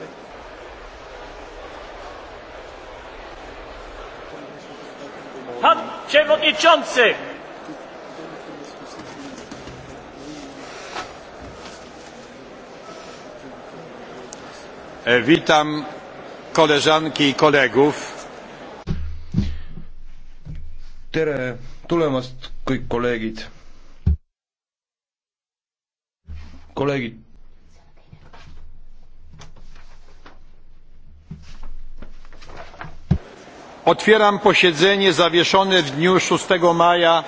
Thank you. Pan Przewodniczący! E, witam koleżanki i kolegów. tere tulemast, kõik kolleegid. kolleegid Otwieram posiedzenie zawieszone w dniu 6 maja.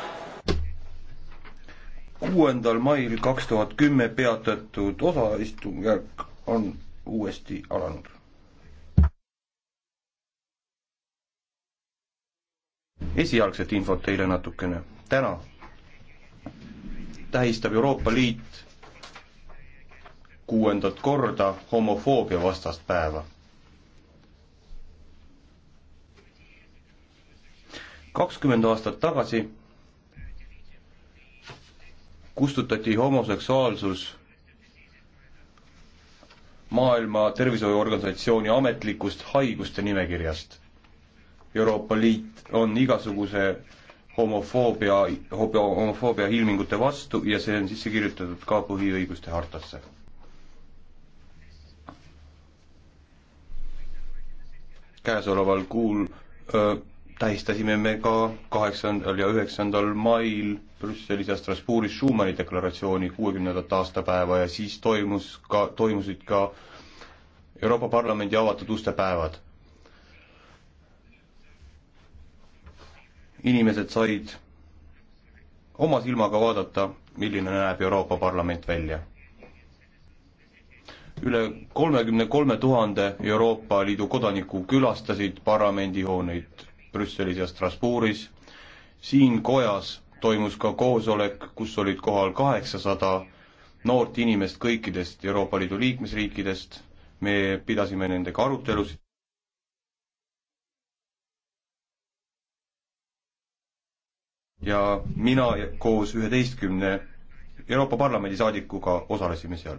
kuuendal mail kaks tuhat kümme peatatud osaistungjärk on uuesti alanud. esialgset infot teile natukene. täna tähistab Euroopa Liit kuuendat korda homofoobia vastast päeva kakskümmend aastat tagasi kustutati homoseksuaalsus Maailma Tervishoiuorganisatsiooni ametlikust haiguste nimekirjast. Euroopa Liit on igasuguse homofoobia, homofoobia ilmingute vastu ja see on sisse kirjutatud ka põhiõiguste hartasse. käesoleval kuul öö, tähistasime me ka kaheksandal ja üheksandal mail Brüsselis ja Strasbourgis Schumani deklaratsiooni kuuekümnendat aastapäeva ja siis toimus ka, toimusid ka Euroopa Parlamendi avatud uste päevad. inimesed said oma silmaga vaadata, milline näeb Euroopa Parlament välja. üle kolmekümne kolme tuhande Euroopa Liidu kodaniku külastasid parlamendihooneid Brüsselis ja Strasbourgis. siin kojas toimus ka koosolek, kus olid kohal kaheksasada noort inimest kõikidest Euroopa Liidu liikmesriikidest, me pidasime nendega arutelusid. ja mina koos üheteistkümne Euroopa Parlamendi saadikuga osalesime seal.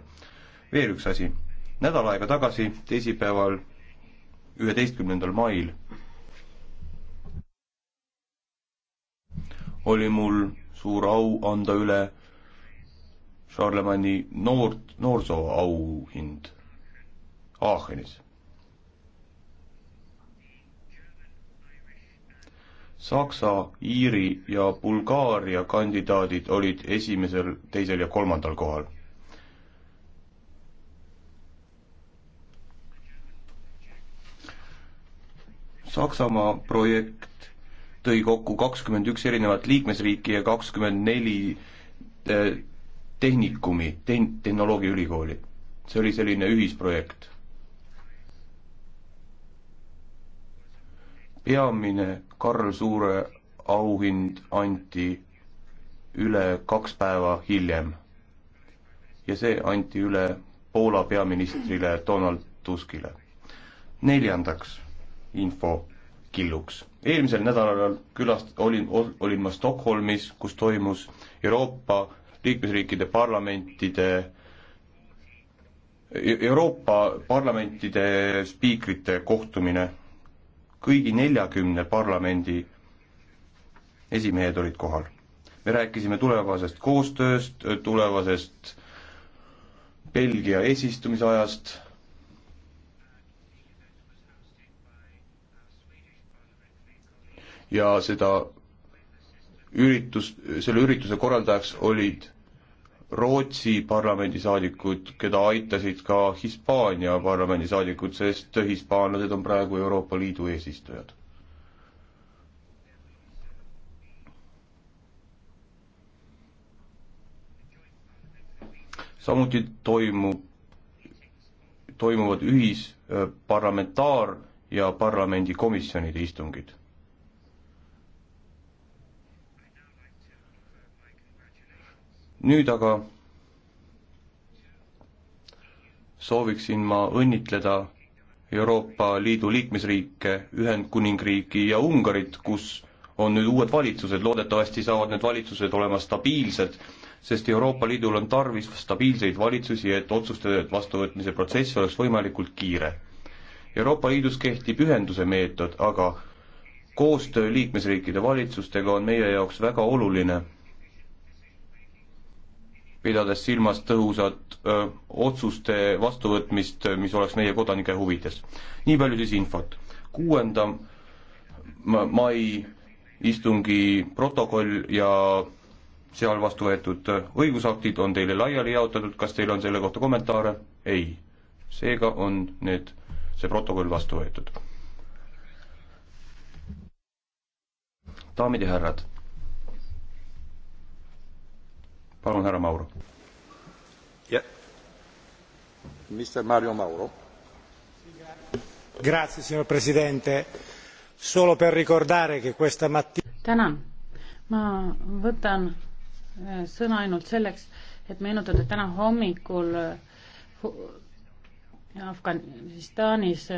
veel üks asi, nädal aega tagasi, teisipäeval, üheteistkümnendal mail oli mul suur au anda üle Charlemagne'i noort, noorsoo auhind Aachenis. Saksa, Iiri ja Bulgaaria kandidaadid olid esimesel, teisel ja kolmandal kohal. Saksamaa projekt tõi kokku kakskümmend üks erinevat liikmesriiki ja kakskümmend neli eh, tehnikumi, tehn-, tehnoloogiaülikooli. see oli selline ühisprojekt. peamine Karl Suure auhind anti üle kaks päeva hiljem ja see anti üle Poola peaministrile Donald Tuskile. neljandaks infokilluks eelmisel nädalal külast-, olin, olin ma Stockholmis, kus toimus Euroopa liikmesriikide parlamentide, e-, Euroopa parlamentide spiikrite kohtumine. kõigi neljakümne parlamendi esimehed olid kohal. me rääkisime tulevasest koostööst, tulevasest Belgia eesistumise ajast, ja seda üritus, selle ürituse korraldajaks olid Rootsi parlamendisaadikud, keda aitasid ka Hispaania parlamendisaadikud, sest hispaanlased on praegu Euroopa Liidu eesistujad. samuti toimub, toimuvad ühisparlamentaar- ja parlamendikomisjonide istungid nüüd aga sooviksin ma õnnitleda Euroopa Liidu liikmesriike, Ühendkuningriiki ja Ungarit, kus on nüüd uued valitsused, loodetavasti saavad need valitsused olema stabiilsed, sest Euroopa Liidul on tarvis stabiilseid valitsusi, et otsuste vastuvõtmise protsess oleks võimalikult kiire. Euroopa Liidus kehtib ühenduse meetod, aga koostöö liikmesriikide valitsustega on meie jaoks väga oluline pidades silmas tõhusat öö, otsuste vastuvõtmist, mis oleks meie kodanike huvides. nii palju siis infot. kuuenda mai istungi protokoll ja seal vastu võetud õigusaktid on teile laiali jaotatud, kas teil on selle kohta kommentaare? ei. seega on need, see protokoll vastu võetud. daamid ja härrad palun, härra Mauro. Mr Mario Mauro. Grazie, signor Presidente. Solo per ricordare che questa mattina. tänan. ma võtan eh, sõna ainult selleks, et meenutada, et täna hommikul eh, Afganistanis